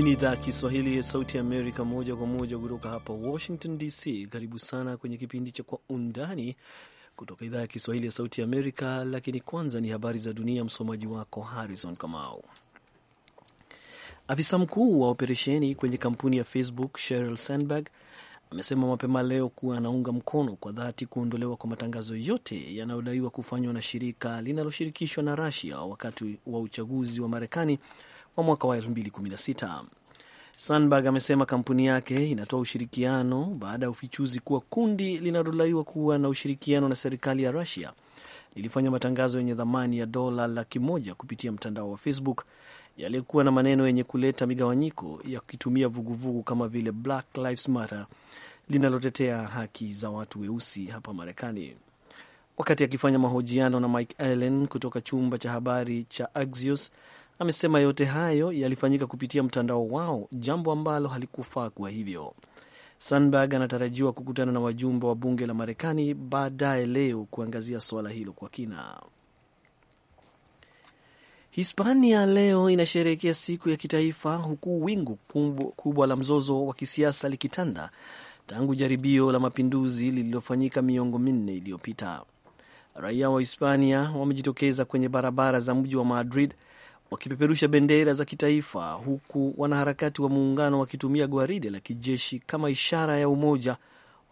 Hii ni idhaa ya Kiswahili ya Sauti Amerika, moja kwa moja kutoka hapa Washington DC. Karibu sana kwenye kipindi cha Kwa Undani kutoka idhaa ya Kiswahili ya Sauti Amerika, lakini kwanza ni habari za dunia. Msomaji wako Harrison Kamau. Afisa mkuu wa operesheni kwenye kampuni ya Facebook Sheryl Sandberg amesema mapema leo kuwa anaunga mkono kwa dhati kuondolewa kwa matangazo yote yanayodaiwa kufanywa na shirika linaloshirikishwa na rasia wakati wa uchaguzi wa Marekani wa mwaka wa Sandberg amesema kampuni yake inatoa ushirikiano baada ya ufichuzi kuwa kundi linalodaiwa kuwa na ushirikiano na serikali ya Rusia lilifanya matangazo yenye thamani ya dola laki moja kupitia mtandao wa Facebook yaliyokuwa na maneno yenye kuleta migawanyiko yakitumia vuguvugu kama vile Black Lives Matter linalotetea haki za watu weusi hapa Marekani. Wakati akifanya mahojiano na Mike Allen kutoka chumba cha habari cha Axios, amesema yote hayo yalifanyika kupitia mtandao wao, jambo ambalo halikufaa kuwa hivyo. Sandberg anatarajiwa kukutana na wajumbe wa bunge la Marekani baadaye leo kuangazia suala hilo kwa kina. Hispania leo inasherehekea siku ya kitaifa huku wingu kubwa la mzozo wa kisiasa likitanda tangu jaribio la mapinduzi lililofanyika miongo minne iliyopita. Raia wa Hispania wamejitokeza kwenye barabara za mji wa Madrid wakipeperusha bendera za kitaifa, huku wanaharakati wa muungano wakitumia gwaride la kijeshi kama ishara ya umoja,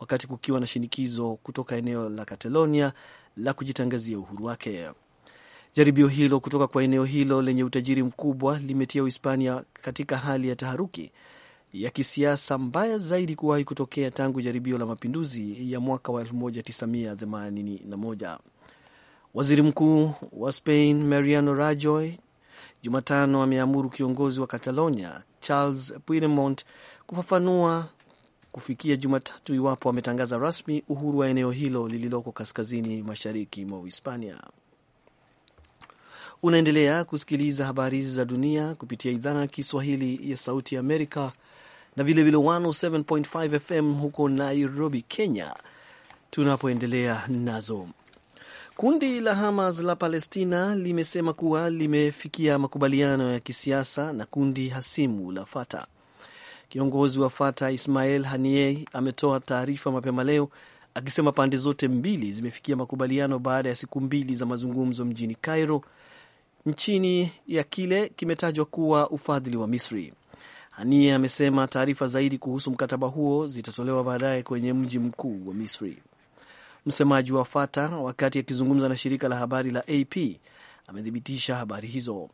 wakati kukiwa na shinikizo kutoka eneo la Catalonia la kujitangazia uhuru wake. Jaribio hilo kutoka kwa eneo hilo lenye utajiri mkubwa limetia Uhispania katika hali ya taharuki ya kisiasa mbaya zaidi kuwahi kutokea tangu jaribio la mapinduzi ya mwaka wa 1981. Waziri Mkuu wa Spain Mariano Rajoy Jumatano ameamuru kiongozi wa Catalonia Charles Puigdemont kufafanua kufikia Jumatatu iwapo ametangaza rasmi uhuru wa eneo hilo lililoko kaskazini mashariki mwa Uhispania. Unaendelea kusikiliza habari hizi za dunia kupitia idhaa ya Kiswahili ya Sauti ya Amerika na vilevile 107.5 FM huko Nairobi, Kenya, tunapoendelea nazo. Kundi la Hamas la Palestina limesema kuwa limefikia makubaliano ya kisiasa na kundi hasimu la Fata. Kiongozi wa Fata Ismail Haniyeh ametoa taarifa mapema leo akisema pande zote mbili zimefikia makubaliano baada ya siku mbili za mazungumzo mjini Cairo, nchini ya kile kimetajwa kuwa ufadhili wa Misri. Haniyeh amesema taarifa zaidi kuhusu mkataba huo zitatolewa baadaye kwenye mji mkuu wa Misri. Msemaji wa Fatah wakati akizungumza na shirika la habari la AP amethibitisha habari hizo.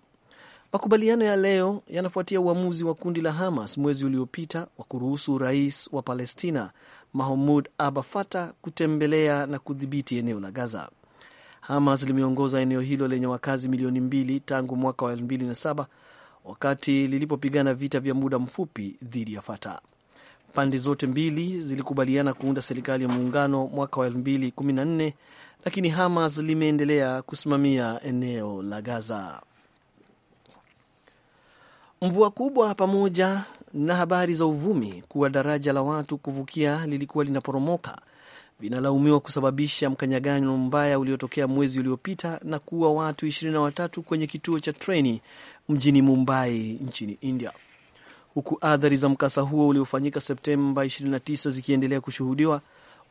Makubaliano ya leo yanafuatia uamuzi wa kundi la Hamas mwezi uliopita wa kuruhusu rais wa Palestina Mahmud Abba Fatah kutembelea na kudhibiti eneo la Gaza. Hamas limeongoza eneo hilo lenye wakazi milioni mbili tangu mwaka wa 2007 wakati lilipopigana vita vya muda mfupi dhidi ya Fatah. Pande zote mbili zilikubaliana kuunda serikali ya muungano mwaka wa 2014 lakini Hamas limeendelea kusimamia eneo la Gaza. Mvua kubwa pamoja na habari za uvumi kuwa daraja la watu kuvukia lilikuwa linaporomoka vinalaumiwa kusababisha mkanyagano mbaya uliotokea mwezi uliopita na kuua watu 23 kwenye kituo cha treni mjini Mumbai nchini India huku athari za mkasa huo uliofanyika Septemba 29 zikiendelea kushuhudiwa.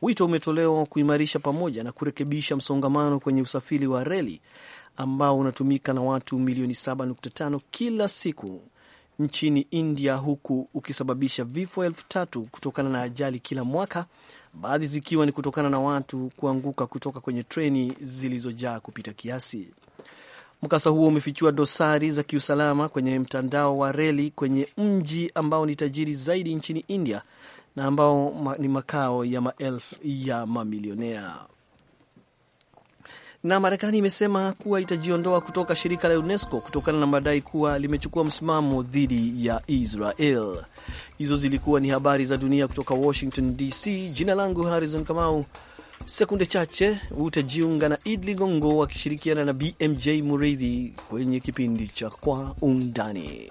Wito umetolewa kuimarisha pamoja na kurekebisha msongamano kwenye usafiri wa reli ambao unatumika na watu milioni 7.5 kila siku nchini India, huku ukisababisha vifo elfu tatu kutokana na ajali kila mwaka, baadhi zikiwa ni kutokana na watu kuanguka kutoka kwenye treni zilizojaa kupita kiasi. Mkasa huo umefichua dosari za kiusalama kwenye mtandao wa reli kwenye mji ambao ni tajiri zaidi nchini India na ambao ni makao ya maelfu ya mamilionea. Na Marekani imesema kuwa itajiondoa kutoka shirika la UNESCO kutokana na madai kuwa limechukua msimamo dhidi ya Israel. Hizo zilikuwa ni habari za dunia kutoka Washington DC. Jina langu Harrison Kamau. Sekunde chache utajiunga na Id Ligongo wakishirikiana na BMJ Muridhi kwenye kipindi cha Kwa Undani.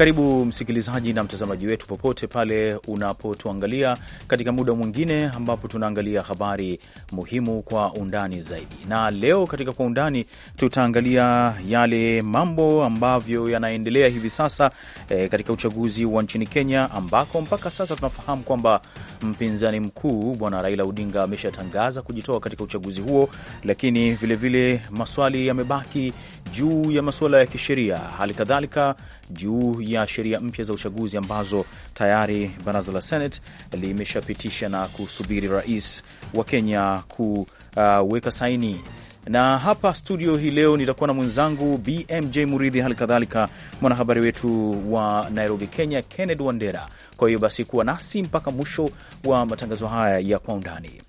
Karibu msikilizaji na mtazamaji wetu popote pale unapotuangalia katika muda mwingine ambapo tunaangalia habari muhimu kwa undani zaidi. Na leo katika kwa undani tutaangalia yale mambo ambavyo yanaendelea hivi sasa e, katika uchaguzi wa nchini Kenya ambako mpaka sasa tunafahamu kwamba mpinzani mkuu Bwana Raila Odinga ameshatangaza kujitoa katika uchaguzi huo, lakini vilevile vile maswali yamebaki juu ya masuala ya kisheria, hali kadhalika juu ya sheria mpya za uchaguzi ambazo tayari baraza la Senate limeshapitisha na kusubiri rais wa Kenya kuweka uh, saini na hapa studio hii leo nitakuwa na mwenzangu BMJ Muridhi, hali kadhalika mwanahabari wetu wa Nairobi, Kenya, Kenneth Wandera. Kwa hiyo basi, kuwa nasi mpaka mwisho wa matangazo haya ya Kwa Undani.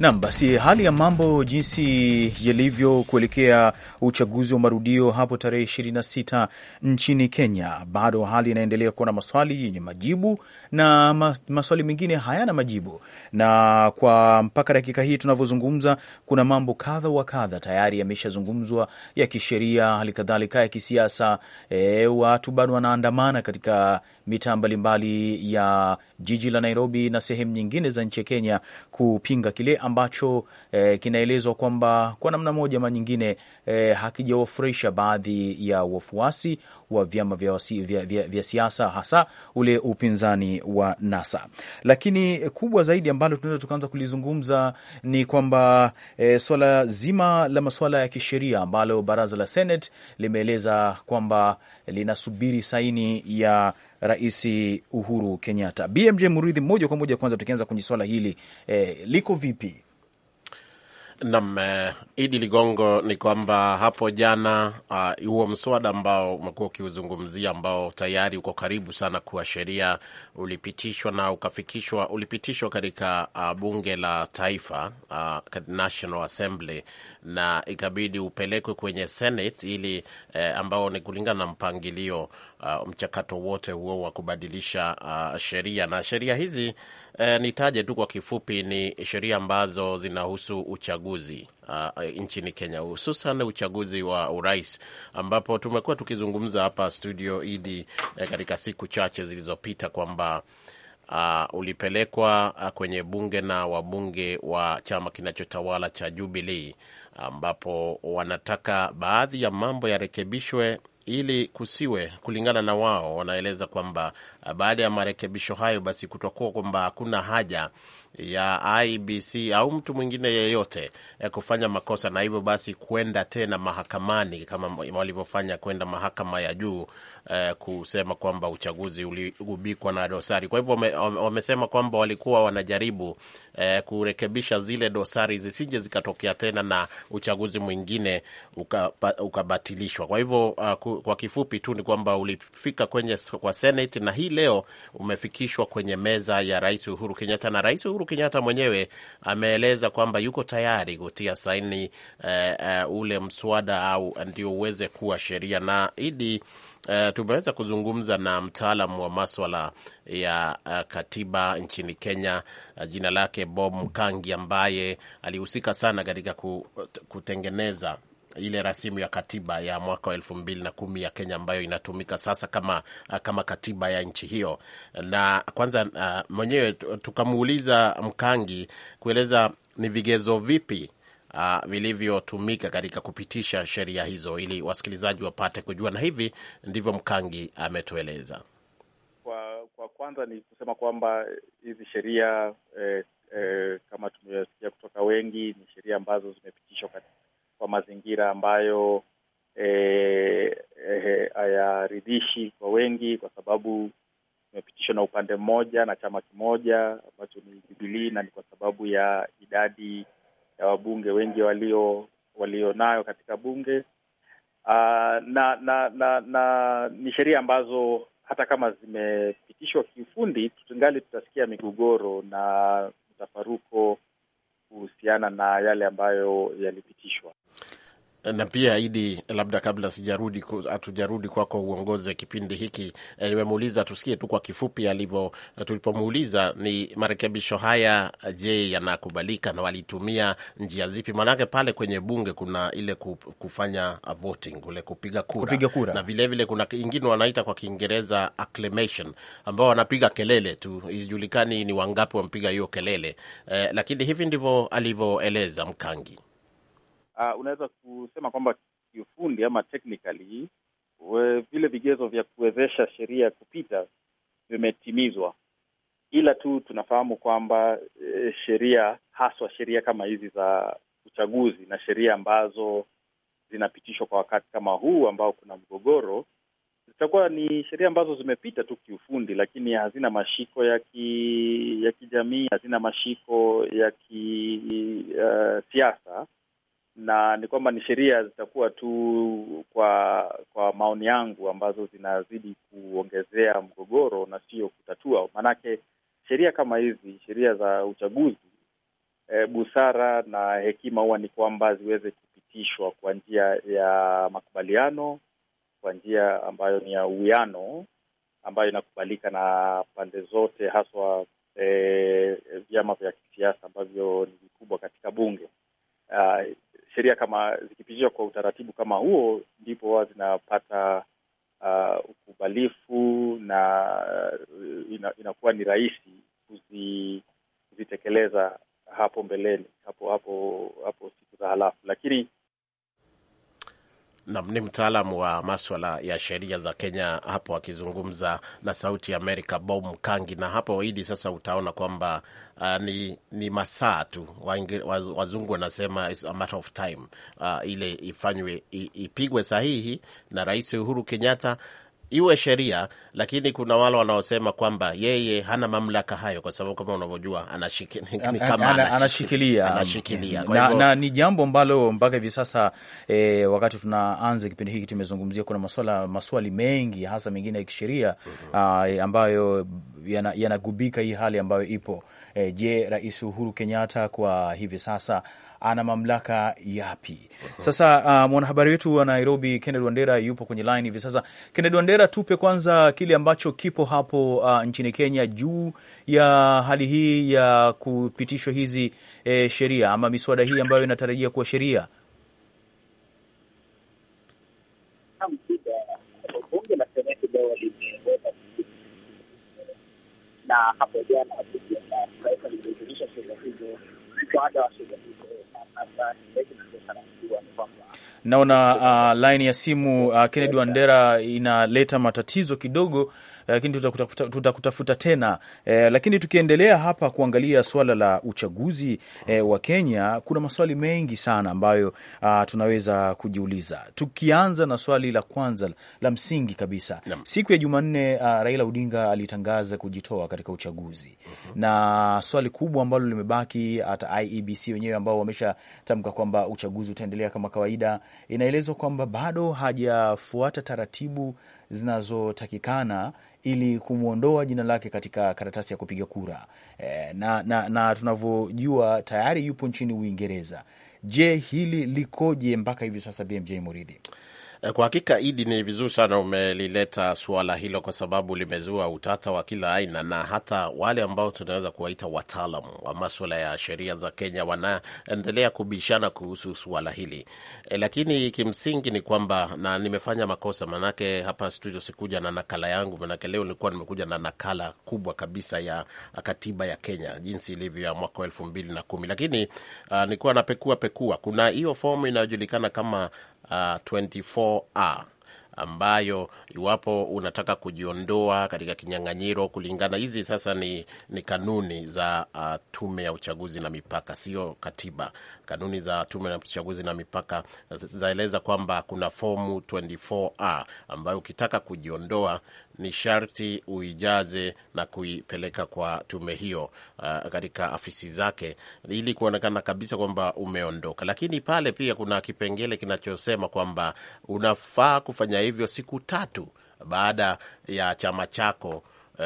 Nam, basi hali ya mambo jinsi yalivyo kuelekea uchaguzi wa marudio hapo tarehe 26 nchini Kenya, bado hali inaendelea kuwa na maswali yenye majibu na maswali mengine hayana majibu, na kwa mpaka dakika hii tunavyozungumza, kuna mambo kadha wa kadha tayari yameshazungumzwa ya kisheria, hali kadhalika ya kisiasa. E, watu bado wanaandamana katika mitaa mbalimbali ya jiji la Nairobi na sehemu nyingine za nchi ya Kenya kupinga kile ambacho eh, kinaelezwa kwamba kwa namna moja ama nyingine eh, hakijawafurahisha baadhi ya wafuasi wa vyama vya, vya, vya, vya siasa hasa ule upinzani wa NASA. Lakini kubwa zaidi ambalo tunaweza tukaanza kulizungumza ni kwamba eh, swala zima la masuala ya kisheria ambalo baraza la Senate limeeleza kwamba linasubiri saini ya Rais Uhuru Kenyatta. BMJ Muridhi, moja kwa moja, kwanza tukianza kwenye swala hili eh, liko vipi Nam eh, Idi Ligongo, ni kwamba hapo jana uh, huo uh, mswada ambao umekuwa ukiuzungumzia ambao tayari uko karibu sana kuwa sheria ulipitishwa na ukafikishwa, ulipitishwa katika uh, bunge la taifa uh, National Assembly na ikabidi upelekwe kwenye Senate ili eh, ambao ni kulingana na mpangilio uh, mchakato wote huo wa kubadilisha uh, sheria na sheria hizi E, nitaje tu kwa kifupi ni sheria ambazo zinahusu uchaguzi uh, nchini Kenya, hususan uchaguzi wa urais ambapo tumekuwa tukizungumza hapa studio idi eh, katika siku chache zilizopita kwamba uh, ulipelekwa ah, kwenye bunge na wabunge wa chama kinachotawala cha Jubilee ambapo wanataka baadhi ya mambo yarekebishwe ili kusiwe kulingana na wao, wanaeleza kwamba baada ya marekebisho hayo, basi kutakuwa kwamba hakuna haja ya IBC au mtu mwingine yeyote eh, kufanya makosa, na hivyo basi kwenda tena mahakamani kama walivyofanya kwenda mahakama ya juu eh, kusema kwamba uchaguzi uligubikwa na dosari. Kwa hivyo wamesema kwamba walikuwa wanajaribu eh, kurekebisha zile dosari zisije zikatokea tena na uchaguzi mwingine ukabatilishwa. Uka kwa hivyo uh, kwa kifupi tu ni kwamba ulifika kwenye kwa Senate na hii leo umefikishwa kwenye meza ya Rais Uhuru Kenyatta, na Rais Uhuru Kenyatta mwenyewe ameeleza kwamba yuko tayari kutia saini uh, uh, ule mswada au ndio uweze kuwa sheria na idi Uh, tumeweza kuzungumza na mtaalamu wa maswala ya uh, katiba nchini Kenya uh, jina lake Bob Mkangi ambaye alihusika sana katika kutengeneza ile rasimu ya katiba ya mwaka wa elfu mbili na kumi ya Kenya ambayo inatumika sasa kama, uh, kama katiba ya nchi hiyo. Na kwanza uh, mwenyewe tukamuuliza Mkangi kueleza ni vigezo vipi Uh, vilivyotumika katika kupitisha sheria hizo ili wasikilizaji wapate kujua, na hivi ndivyo Mkangi ametueleza. Kwa, kwa kwanza ni kusema kwamba hizi sheria eh, eh, kama tumesikia kutoka wengi, ni sheria ambazo zimepitishwa kwa mazingira ambayo eh, eh, hayaridhishi e, e, kwa wengi, kwa sababu imepitishwa na upande mmoja na chama kimoja ambacho ni Jubilii, na ni kwa sababu ya idadi ya wabunge wengi walio walionayo katika bunge. Uh, na na na, na ni sheria ambazo hata kama zimepitishwa kiufundi, tutingali tutasikia migogoro na mtafaruko kuhusiana na yale ambayo yalipitishwa na pia Idi, labda kabla sijarudi hatujarudi kwako uongozi kipindi hiki, nimemuuliza tusikie tu kwa kifupi alivyo, tulipomuuliza ni marekebisho haya, je, yanakubalika na walitumia njia zipi? Maanake pale kwenye bunge kuna ile kufanya voting, ule kupiga kura, kupiga kura, na vilevile vile kuna ingine wanaita kwa Kiingereza acclamation, ambao wanapiga kelele tu, ijulikani ni wangapi wampiga hiyo kelele eh, lakini hivi ndivyo alivyoeleza Mkangi uh, unaweza kusema kwamba kiufundi ama technically vile vigezo vya kuwezesha sheria kupita vimetimizwa, ila tu tunafahamu kwamba e, sheria haswa sheria kama hizi za uchaguzi na sheria ambazo zinapitishwa kwa wakati kama huu ambao kuna mgogoro, zitakuwa ni sheria ambazo zimepita tu kiufundi, lakini hazina mashiko ya ki, ya kijamii, hazina mashiko ya kisiasa eh, uh, na ni kwamba ni sheria zitakuwa tu kwa kwa maoni yangu ambazo zinazidi kuongezea mgogoro na sio kutatua. Maanake sheria kama hizi, sheria za uchaguzi e, busara na hekima huwa ni kwamba ziweze kupitishwa kwa njia ya makubaliano, kwa njia ambayo ni ya uwiano, ambayo inakubalika na pande zote, haswa e, vyama vya kisiasa ambavyo ni vikubwa katika bunge. Uh, sheria kama zikipitishwa kwa utaratibu kama huo, ndipo huwa zinapata uh, ukubalifu na uh, ina, inakuwa ni rahisi kuzi, kuzitekeleza hapo mbeleni hapo hapo hapo siku za halafu, lakini na ni mtaalamu wa maswala ya sheria za Kenya hapo akizungumza na Sauti ya Amerika, Bob Mkangi. Na hapo Idi, sasa utaona kwamba uh, ni, ni masaa tu, wazungu wanasema a matter of time, uh, ile ifanywe, ipigwe sahihi na Rais Uhuru Kenyatta iwe sheria, lakini kuna wale wanaosema kwamba yeye hana mamlaka hayo, kwa sababu kama unavyojua anashikilia, na ni jambo ambalo mpaka hivi sasa e, wakati tunaanza kipindi hiki tumezungumzia kuna maswala, maswali mengi hasa mengine ya kisheria mm-hmm. ambayo yanagubika yana hii hali ambayo ipo e, je, Rais Uhuru Kenyatta kwa hivi sasa ana mamlaka yapi? Sasa uh, mwanahabari wetu wa Nairobi Kennedy Wandera yupo kwenye line hivi sasa. Kennedy Wandera, tupe kwanza kile ambacho kipo hapo uh, nchini Kenya juu ya hali hii ya kupitishwa hizi eh, sheria ama miswada hii ambayo inatarajia kuwa sheria. Na hapo jana taifa sheria hizo, mswada wa sheria hizo I'm not making a naona uh, laini ya simu uh, Kennedy Wandera inaleta matatizo kidogo, uh, lakini tutakutafuta, tutakutafuta tena eh, lakini tukiendelea hapa kuangalia suala la uchaguzi eh, wa Kenya, kuna maswali mengi sana ambayo uh, tunaweza kujiuliza, tukianza na swali la kwanza la msingi kabisa Lam. Siku ya Jumanne uh, Raila Odinga alitangaza kujitoa katika uchaguzi uh mhm. -huh. na swali kubwa ambalo limebaki hata IEBC wenyewe ambao wameshatamka kwamba uchaguzi uchaguzi utaendelea kama kawaida. Inaelezwa kwamba bado hajafuata taratibu zinazotakikana ili kumwondoa jina lake katika karatasi ya kupiga kura e, na, na, na tunavyojua tayari yupo nchini Uingereza. Je, hili likoje mpaka hivi sasa, BMJ Muridhi? Eh, kwa hakika Idi, ni vizuri sana umelileta suala hilo, kwa sababu limezua utata wa kila aina, na hata wale ambao tunaweza kuwaita wataalamu wa maswala ya sheria za Kenya wanaendelea kubishana kuhusu suala hili e, lakini kimsingi ni kwamba, na nimefanya makosa manake hapa studio sikuja na nakala yangu, manake leo nilikuwa nimekuja na nakala kubwa kabisa ya katiba ya Kenya jinsi ilivyo ya mwaka wa elfu mbili na kumi, lakini uh, nilikuwa napekua pekua, kuna hiyo fomu inayojulikana kama uh, 24 a ambayo iwapo unataka kujiondoa katika kinyang'anyiro kulingana, hizi sasa ni, ni kanuni za uh, tume ya uchaguzi na mipaka, sio katiba. Kanuni za tume ya uchaguzi na mipaka zaeleza kwamba kuna fomu 24A ambayo ukitaka kujiondoa ni sharti uijaze na kuipeleka kwa tume hiyo uh, katika afisi zake ili kuonekana kabisa kwamba umeondoka. Lakini pale pia kuna kipengele kinachosema kwamba unafaa kufanya hivyo siku tatu baada ya chama chako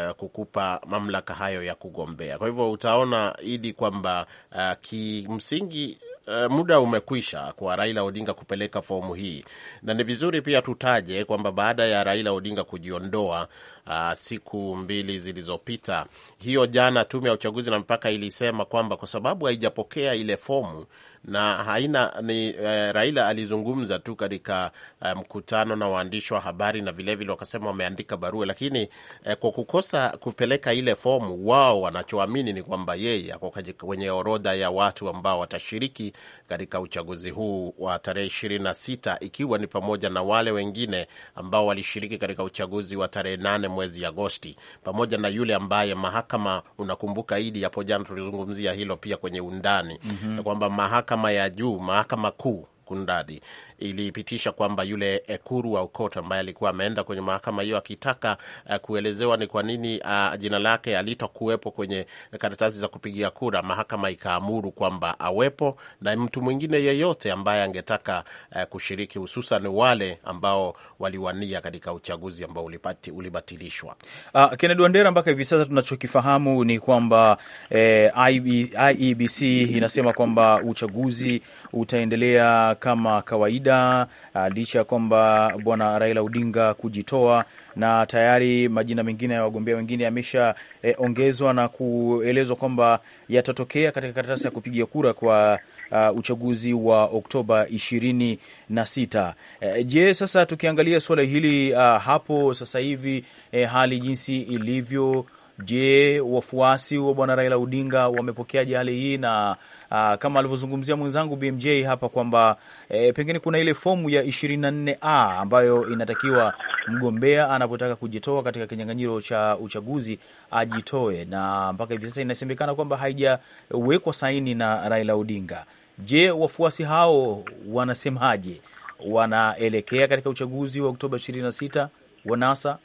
Uh, kukupa mamlaka hayo ya kugombea. Kwa hivyo utaona idi kwamba uh, kimsingi Eh, muda umekwisha kwa Raila Odinga kupeleka fomu hii, na ni vizuri pia tutaje kwamba baada ya Raila Odinga kujiondoa uh, siku mbili zilizopita, hiyo jana, tume ya uchaguzi na mpaka ilisema kwamba kwa sababu haijapokea ile fomu na haina ni eh, Raila alizungumza tu katika eh, mkutano na waandishi wa habari na vilevile wakasema wameandika barua, lakini eh, kwa kukosa kupeleka ile fomu, wao wanachoamini ni kwamba yeye ako kwenye orodha ya watu ambao watashiriki katika uchaguzi huu wa tarehe ishirini na sita ikiwa ni pamoja na wale wengine ambao walishiriki katika uchaguzi wa tarehe nane mwezi Agosti pamoja na yule ambaye mahakama, unakumbuka Idi, hapo jana tulizungumzia hilo pia kwenye undani mm -hmm. kwamba mahakama mahakama ya juu, mahakama kuu kundadi, ilipitisha kwamba yule Ekuru Aukot ambaye alikuwa ameenda kwenye mahakama hiyo akitaka uh, kuelezewa ni kwa nini uh, jina lake alitokuwepo kwenye karatasi za kupigia kura, mahakama ikaamuru kwamba awepo na mtu mwingine yeyote ambaye angetaka uh, kushiriki, hususan wale ambao waliwania katika uchaguzi ambao ulipati, ulibatilishwa. Uh, Kennedy Wandera, mpaka hivi sasa tunachokifahamu ni kwamba eh, IEBC inasema kwamba uchaguzi utaendelea kama kawaida bidhaa ah, licha ya kwamba bwana Raila Odinga kujitoa, na tayari majina mengine ya wagombea wengine yameshaongezwa eh, e, na kuelezwa kwamba yatatokea katika karatasi ya kupiga kura kwa uh, uchaguzi wa Oktoba ishirini na sita. E, je, sasa tukiangalia suala hili uh, hapo sasa hivi e, hali jinsi ilivyo Je, wafuasi wa bwana Raila Odinga wamepokeaje hali hii? Na uh, kama alivyozungumzia mwenzangu BMJ hapa kwamba eh, pengine kuna ile fomu ya 24A ambayo inatakiwa mgombea anapotaka kujitoa katika kinyang'anyiro cha uchaguzi ajitoe, na mpaka hivi sasa inasemekana kwamba haijawekwa saini na Raila Odinga. Je, wafuasi hao wanasemaje? Wanaelekea katika uchaguzi wa Oktoba 26 wa NASA?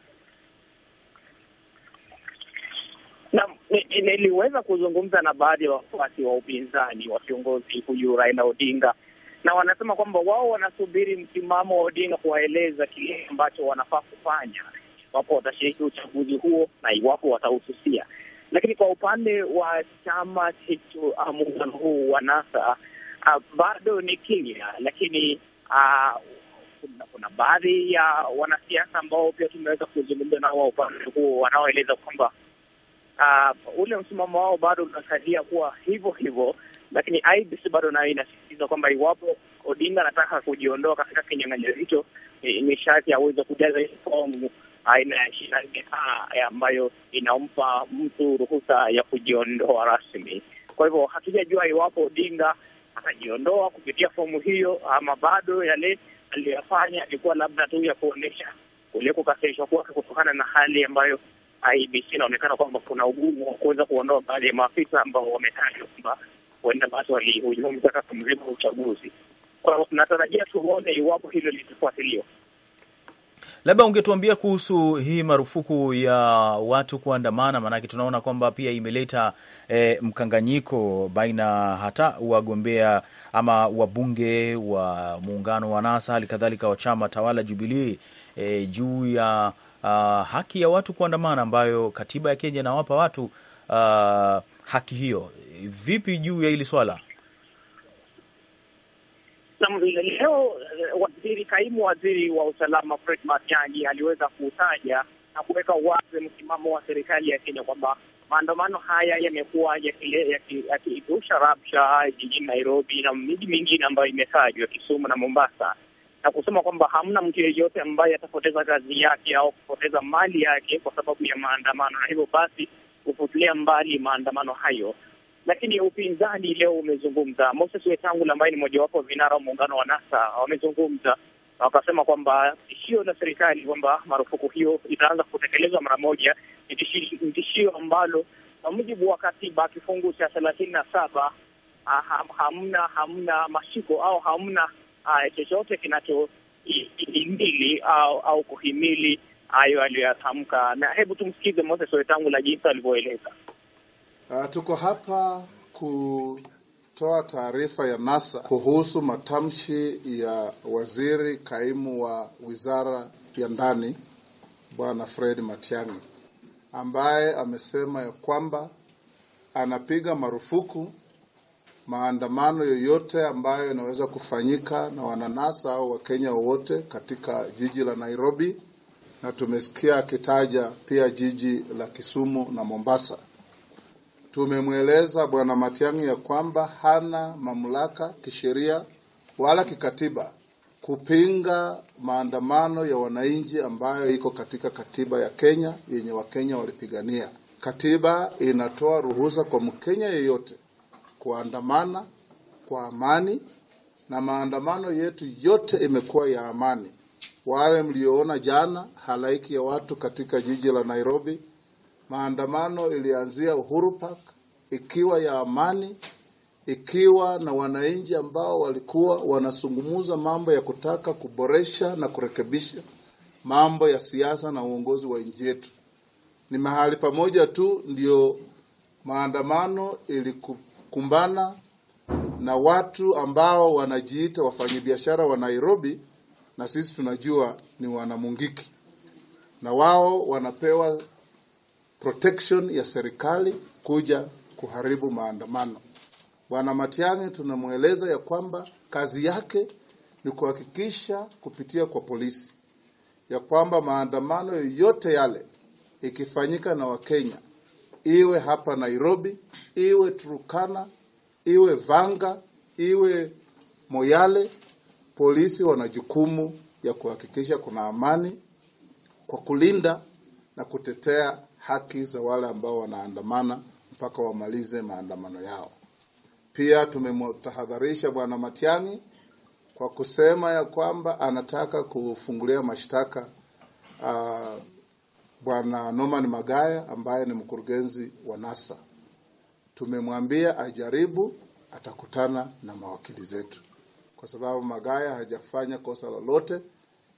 niliweza kuzungumza na baadhi ya wafuasi wa upinzani wa kiongozi huyu Raila Odinga, na wanasema kwamba wao wanasubiri msimamo wa Odinga kuwaeleza kile ambacho wanafaa kufanya iwapo watashiriki uchaguzi huo na iwapo watahususia. Lakini kwa upande wa chama chetu ah, muungano huu wa NASA uh, bado ni kimya, lakini uh, kuna, kuna baadhi ya wanasiasa ambao pia tumeweza kuzungumza nao wa upande huo wanaoeleza kwamba uh, ule msimamo wao bado unasalia kuwa hivyo hivyo, lakini IBC bado nayo inasisitiza kwamba iwapo Odinga anataka kujiondoa katika kinyang'anyiro hicho ni sharti aweze kujaza hii fomu aina ya ishirini na nne a ambayo inampa mtu ruhusa ya kujiondoa rasmi. Kwa hivyo hatujajua iwapo Odinga atajiondoa kupitia fomu hiyo ama bado yale aliyoyafanya alikuwa labda tu ya kuonyesha kule kukasirishwa kwake kutokana na hali ambayo IBC inaonekana kwamba kuna ugumu wa kuweza kuondoa baadhi ya maafisa ambao wametajwa kwamba huenda basi walihujumu mchakato mzima wa uchaguzi. Kwa hiyo tunatarajia tuone iwapo hilo litafuatiliwa. Labda ungetuambia kuhusu hii marufuku ya watu kuandamana, maanake tunaona kwamba pia imeleta e, mkanganyiko baina hata wagombea ama wabunge wa muungano wa NASA hali kadhalika wa chama tawala Jubilii e, eh, juu ya uh, haki ya watu kuandamana ambayo katiba ya Kenya inawapa watu uh, haki hiyo. Vipi juu ya hili swala? Leo eh, waziri, kaimu waziri wa usalama Fred Matiang'i aliweza kutaja na kuweka wazi msimamo wa serikali ya Kenya kwamba maandamano haya yamekuwa yakiibusha rabsha jijini Nairobi na miji mingine ambayo imetajwa Kisumu na Mombasa na kusema kwamba hamna mtu yeyote ambaye atapoteza kazi yake au kupoteza mali yake kwa sababu ya maandamano, na hivyo basi kufutilia mbali maandamano hayo. Lakini upinzani leo umezungumza. Moses Wetangula ambaye ni mojawapo wa vinara wa muungano wa NASA wamezungumza wakasema kwamba tishio la serikali kwamba marufuku hiyo itaanza kutekelezwa mara moja ni tishio ambalo kwa mujibu wa katiba kifungu cha thelathini na saba ah, hamna hamna mashiko au hamna uh, chochote kinachohimili au, au kuhimili hayo aliyoyatamka, na hebu tumsikize Moses Wetangula jinsi alivyoeleza. Uh, tuko hapa kutoa taarifa ya NASA kuhusu matamshi ya waziri kaimu wa wizara ya ndani Bwana Fred Matiang'i ambaye amesema ya kwamba anapiga marufuku maandamano yoyote ambayo yanaweza kufanyika na wananasa au Wakenya wowote katika jiji la Nairobi, na tumesikia akitaja pia jiji la Kisumu na Mombasa. Tumemweleza Bwana Matiang'i ya kwamba hana mamlaka kisheria wala kikatiba kupinga maandamano ya wananchi ambayo iko katika katiba ya Kenya yenye Wakenya walipigania. Katiba inatoa ruhusa kwa Mkenya yeyote kuandamana kwa amani, na maandamano yetu yote imekuwa ya amani. Wale mlioona jana halaiki ya watu katika jiji la Nairobi, maandamano ilianzia Uhuru Park ikiwa ya amani, ikiwa na wananchi ambao walikuwa wanasungumuza mambo ya kutaka kuboresha na kurekebisha mambo ya siasa na uongozi wa nchi yetu. Ni mahali pamoja tu ndio maandamano iliku kumbana na watu ambao wanajiita wafanyabiashara wa Nairobi na sisi tunajua ni wanamungiki, na wao wanapewa protection ya serikali kuja kuharibu maandamano. Bwana Matiang'i tunamweleza ya kwamba kazi yake ni kuhakikisha kupitia kwa polisi ya kwamba maandamano yoyote yale ikifanyika na Wakenya iwe hapa Nairobi, iwe Turukana, iwe Vanga, iwe Moyale, polisi wana jukumu ya kuhakikisha kuna amani kwa kulinda na kutetea haki za wale ambao wanaandamana mpaka wamalize maandamano yao. Pia tumemtahadharisha Bwana Matiang'i kwa kusema ya kwamba anataka kufungulia mashtaka uh, Bwana Norman Magaya ambaye ni mkurugenzi wa NASA. Tumemwambia ajaribu, atakutana na mawakili zetu, kwa sababu Magaya hajafanya kosa lolote.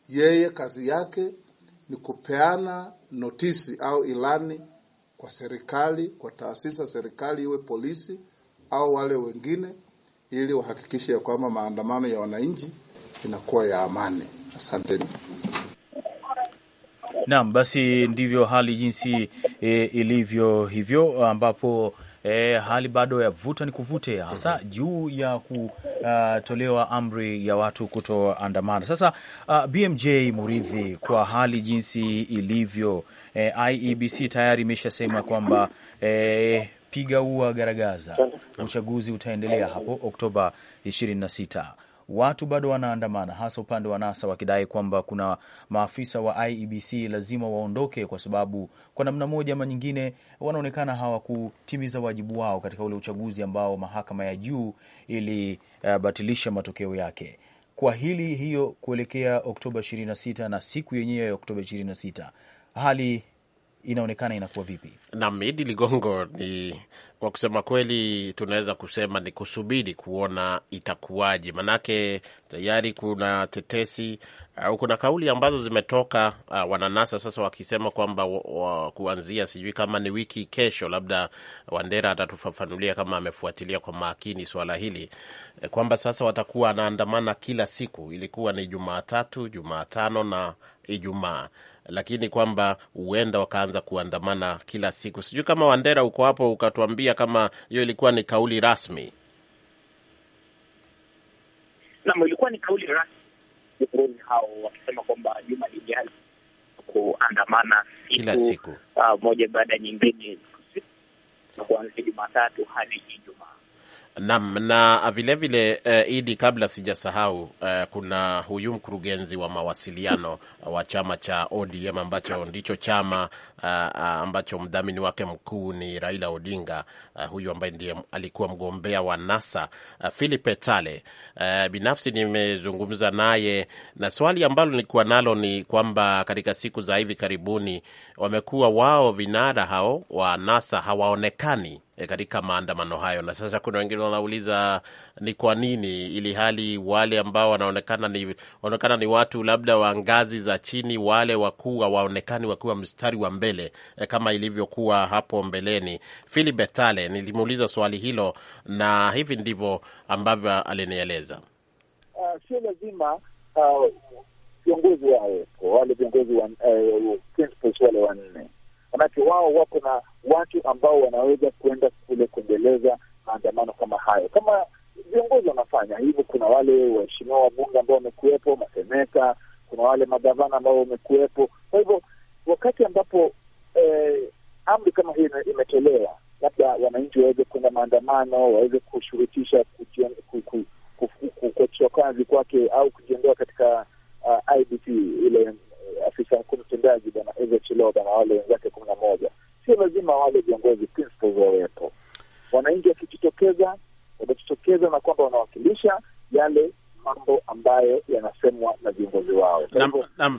Yeye kazi yake ni kupeana notisi au ilani kwa serikali, kwa taasisi za serikali, iwe polisi au wale wengine, ili wahakikishe kwamba maandamano ya wananchi inakuwa ya amani. Asanteni. Naam, basi ndivyo hali jinsi e, ilivyo hivyo, ambapo e, hali bado ya vuta ni kuvute, hasa juu ya kutolewa uh, amri ya watu kutoandamana. Sasa uh, BMJ Muridhi, kwa hali jinsi ilivyo e, IEBC tayari imeshasema kwamba e, piga ua garagaza, uchaguzi utaendelea hapo Oktoba 26 watu bado wanaandamana, hasa upande wa NASA wakidai kwamba kuna maafisa wa IEBC lazima waondoke, kwa sababu kwa namna moja ama nyingine wanaonekana hawakutimiza wajibu wao katika ule uchaguzi ambao mahakama ya juu ilibatilisha uh, matokeo yake. Kwa hili hiyo kuelekea Oktoba 26 na siku yenyewe ya Oktoba 26 hali inaonekana inakuwa vipi? Na Idi Ligongo, ni kwa kusema kweli, tunaweza kusema ni kusubiri kuona itakuwaje, manake tayari kuna tetesi uh, au kuna kauli ambazo zimetoka uh, wananasa sasa wakisema kwamba kuanzia sijui kama ni wiki kesho, labda Wandera atatufafanulia kama amefuatilia kwa makini swala hili eh, kwamba sasa watakuwa wanaandamana kila siku. Ilikuwa ni Jumatatu, Jumatano na Ijumaa lakini kwamba huenda wakaanza kuandamana kila siku. Sijui kama Wandera uko hapo, ukatuambia kama hiyo ilikuwa ni kauli rasmi. Naam, ilikuwa ni kauli rasmi viongozi hao wakisema kwamba juma lijalo kuandamana siku, kila siku uh, moja baada ya nyingine kuanzia Jumatatu hadi Ijumaa nam na vilevile uh, eh, Idi, kabla sijasahau, uh, kuna huyu mkurugenzi wa mawasiliano wa chama cha ODM ambacho ndicho chama uh, uh, ambacho mdhamini wake mkuu ni Raila Odinga, huyu ambaye ndiye alikuwa mgombea wa NASA Philip Etale. Binafsi nimezungumza naye na swali ambalo nilikuwa nalo ni kwamba katika siku za hivi karibuni wamekuwa wao vinara hao wa NASA hawaonekani E, katika maandamano hayo, na sasa kuna wengine wanauliza ni kwa nini, ili hali wale ambao wanaonekana ni, ni watu labda wa ngazi za chini, wale wakuu hawaonekani wakiwa mstari wa mbele mbele eh, kama ilivyokuwa hapo mbeleni. Phili Betale, nilimuuliza swali hilo na hivi ndivyo ambavyo alinieleza. Uh, sio lazima ah, viongozi uh, wawepo wale viongozi wa, uh, wale wanne, manake wao wako na watu ambao wanaweza kuenda kule kuendeleza maandamano kama hayo, kama viongozi wanafanya hivyo. Kuna wale waheshimiwa wabunge ambao wamekuwepo, maseneta, kuna wale magavana ambao wamekuwepo. Kwa hivyo wakati ambapo eh, amri kama hiyo imetolewa, labda wananchi waweze kwenda maandamano, waweze kushurutisha kuachishwa kazi kwake au kujiondoa katika uh, ah, IBC ile eh, afisa mkuu mtendaji bwana Eze Chiloba na wale wenzake kumi na moja. Sio lazima wale viongozi principles wawepo, wananchi wakijitokeza wamejitokeza na kwamba wanawakilisha yale mambo ambayo yanasemwa na viongozi wao. Naam,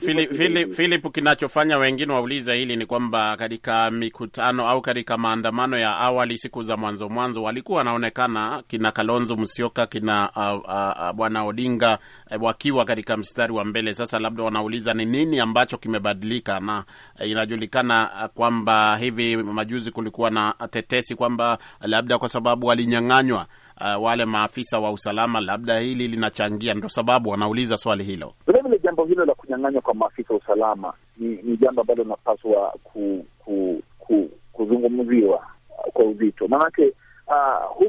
Philip, kinachofanya wengine waulize hili ni kwamba katika mikutano au katika maandamano ya awali siku za mwanzo mwanzo walikuwa wanaonekana kina Kalonzo Musyoka, kina uh, uh, bwana Odinga uh, wakiwa katika mstari wa mbele. Sasa labda wanauliza ni nini ambacho kimebadilika, na uh, inajulikana uh, kwamba hivi majuzi kulikuwa na tetesi kwamba labda kwa sababu walinyang'anywa uh, wale maafisa wa usalama, labda hili linachangia, ndo sababu wanauliza swali hilo. Vilevile jambo hilo la kunyang'anywa kwa maafisa wa usalama ni, ni jambo ambalo linapaswa ku, ku, ku, kuzungumziwa kwa uzito, maanake uh,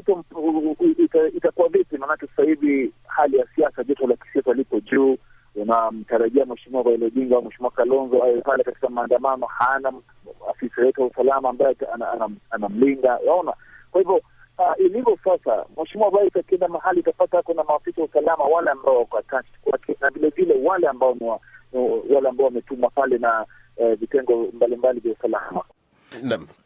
itakuwa ita vipi? Maanake sasa hivi hali ya siasa, joto la kisiasa lipo juu unamtarajia Mheshimiwa Raila Odinga au Mheshimiwa Kalonzo awe pale katika maandamano, hana afisa yetu wa usalama ambaye anamlinda ana, ana, ana waona. Kwa hivyo ilivyo sasa, mheshimiwa rais akienda mahali utapata na maafisa wa usalama wale ambao wako attached kwake na vilevile wale ambao ni wale ambao wametumwa pale na eh, vitengo mbalimbali vya usalama.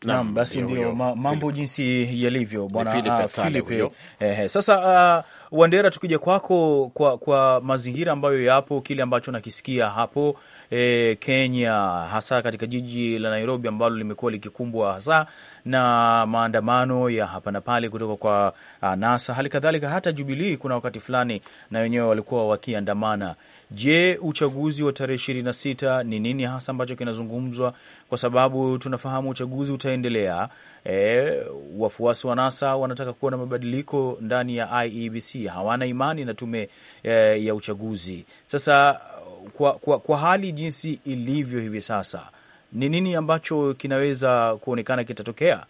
nam, basi ndio mambo jinsi yalivyo, bwana Philip. Ah, Ehe, sasa uh, Wandera, tukija kwako kwa, kwa mazingira ambayo yapo, kile ambacho nakisikia hapo e, Kenya, hasa katika jiji la Nairobi ambalo limekuwa likikumbwa hasa na maandamano ya hapa na pale kutoka kwa a, NASA. Hali kadhalika hata Jubilii kuna wakati fulani na wenyewe walikuwa wakiandamana. Je, uchaguzi wa tarehe ishirini na sita ni nini hasa ambacho kinazungumzwa? Kwa sababu tunafahamu uchaguzi utaendelea. E, wafuasi wa NASA wanataka kuona mabadiliko ndani ya IEBC, hawana imani na tume e, ya uchaguzi sasa kwa, kwa, kwa hali jinsi ilivyo hivi sasa, ni nini ambacho kinaweza kuonekana kitatokea?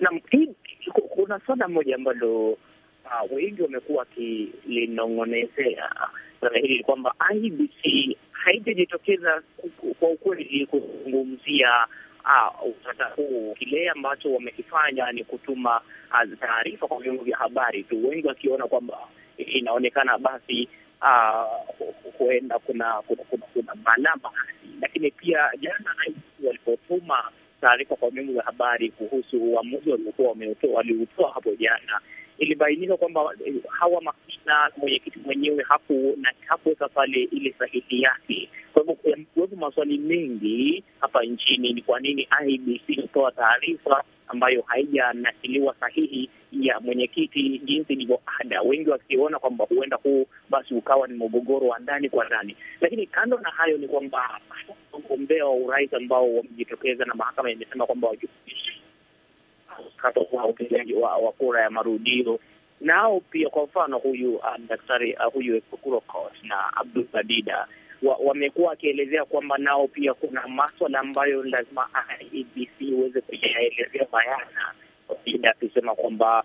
Naam, kuna swala moja ambalo uh, wengi wamekuwa wakilinong'onezea sala hili kwamba IBC haijajitokeza kwa ukweli kuzungumzia ah, utata huu. Kile ambacho wamekifanya ni kutuma uh, taarifa kwa vyombo vya habari tu, wengi wakiona kwamba inaonekana basi ah, huenda uh, kuna kuna, kuna, kuna malama. Lakini pia jana walipotuma taarifa kwa vyombo vya habari kuhusu uamuzi waliokuwa waliutoa hapo jana, ilibainika kwamba eh, hawa makina mwenyekiti mwenyewe hakuweka pale ile sahihi yake kwa hivyo kuwepo maswali mengi hapa nchini, ni kwa nini IBC hutoa taarifa ambayo haijanakiliwa sahihi ya mwenyekiti jinsi ilivyo ada, wengi wakiona kwamba huenda huu basi ukawa ni mgogoro wa ndani kwa ndani. Lakini kando na hayo ni kwamba wagombea wa urais ambao wamejitokeza na mahakama imesema kwamba wapigaji wa kura ya marudio nao pia, kwa mfano huyu um, daktari uh, huyu Ekuru Aukot na Abdul Badida wamekuwa wa wakielezea kwamba nao pia kuna maswala ambayo lazima IEBC iweze kuyaelezea bayana, akisema kwamba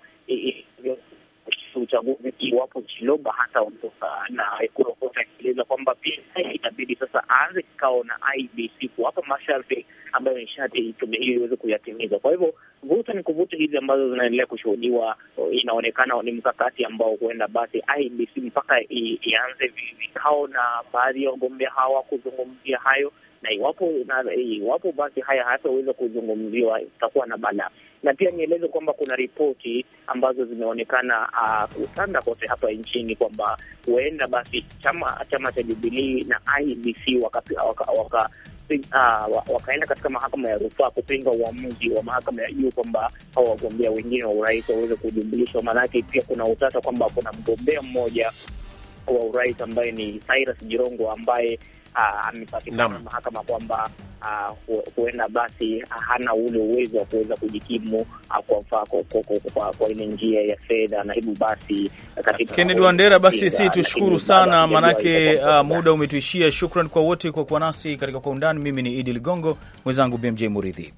kuhusu uchaguzi iwapo Chiloba hataondoka, na Ekorokote akieleza kwamba pia inabidi sasa aanze kikao na IBC kuwapa masharti ambayo nishati tume hiyo iweze kuyatimiza. Kwa hivyo vuta ni kuvuta hizi ambazo zinaendelea kushuhudiwa, inaonekana ni mkakati ambao huenda basi IBC mpaka ianze vikao na baadhi ya wagombea hawa kuzungumzia hayo, na iwapo na iwapo basi haya hataweza kuzungumziwa, itakuwa na balaa na pia nieleze kwamba kuna ripoti ambazo zimeonekana uh, kutanda kote hapa nchini kwamba huenda basi chama chama cha Jubilii na IBC wakaenda waka, waka, uh, waka ah, katika mahakama ya rufaa kupinga uamuzi wa mahakama ya juu kwamba hao wagombea wengine wa urais waweze kujumbulishwa Maanake pia kuna utata kwamba kuna mgombea mmoja wa urais ambaye ni Cyrus Jirongo ambaye ah, amepatikana mahakama kwamba huenda ah, basi ah, hana ule uwezo wa kuweza kujikimu ah, kwa ile njia ya fedha, na hivyo basi katika Kennedy Wandera, basi si tushukuru sana, manake muda umetuishia. Shukran kwa wote kwa kuwa nasi katika kwa undani. Mimi ni Idi Ligongo, mwenzangu BMJ Muridhi.